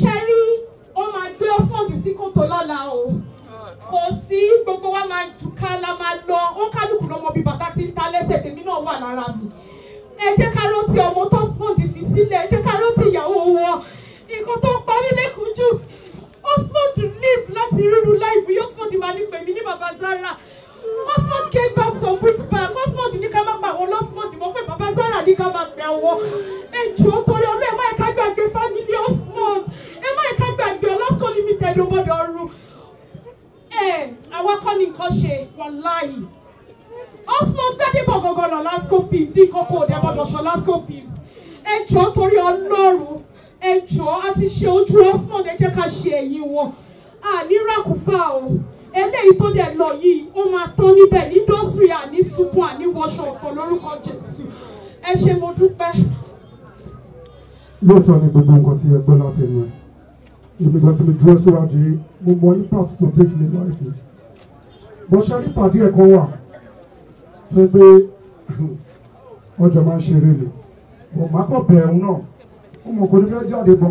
ṣe rí ó máa gbé fọ́ọ̀mù sí kòtò lọ́la o kò sí gbogbo wa máa jù ká la máa lọ ó kálukú lọmọ bíi bàtà tí ń ta lẹ́sẹ̀ tèmi náà wà lára mi ẹ jẹ́ ká ló ti ọmọ tó fọ́ọ̀mù fi sílẹ̀ ẹ jẹ́ ká ló ti ìyàwó wọn nǹkan tó ń parí lẹ́kùn jù husband live láti rírú láìpù yóò husband máa ní pèmí ní bàbá Zara husband came back some weeks back husband ní ká má pa àwọn husband mọ́ pé Zara ní ká má pè àwọn ẹjọ́ torí ẹ̀dùnbọ̀dọ̀ ru ẹ̀ àwọn kọ́ ni nǹkan ṣe wàláì Osmond Gbadebo gangan lọ Lasco Films nǹkan kò dẹ̀ bọ̀dọ̀ sọ Lasco Films ẹ jọ̀ọ́ torí Ọlọ́run ẹ jọ̀ọ́ a ti ṣe ojú Osmond ẹ jẹ́ ká ṣe ẹ̀yìn wọn àní ràkúfà o eléyìí tó dẹ̀ lọ yìí ó máa tán níbẹ̀ indọ́sítírì àní sunkún àní wọṣọ ọ̀fọ̀ lórúkọ Jésù ẹ ṣé mo dúpẹ́. lóòótọ́ ni gbogbo nǹkan tí ẹ láti ẹnu ẹ èmi kan tí mi dúró síwájú yìí mo mọ impact tó take nínú àìdè mo ṣe nípàdé ẹ̀kọ́ wà tó gbé ọjọ́ máa ń ṣeré ni mo máa kọ̀ bẹ̀rù náà mo mọ̀ kò ní fẹ́ jáde bọ̀.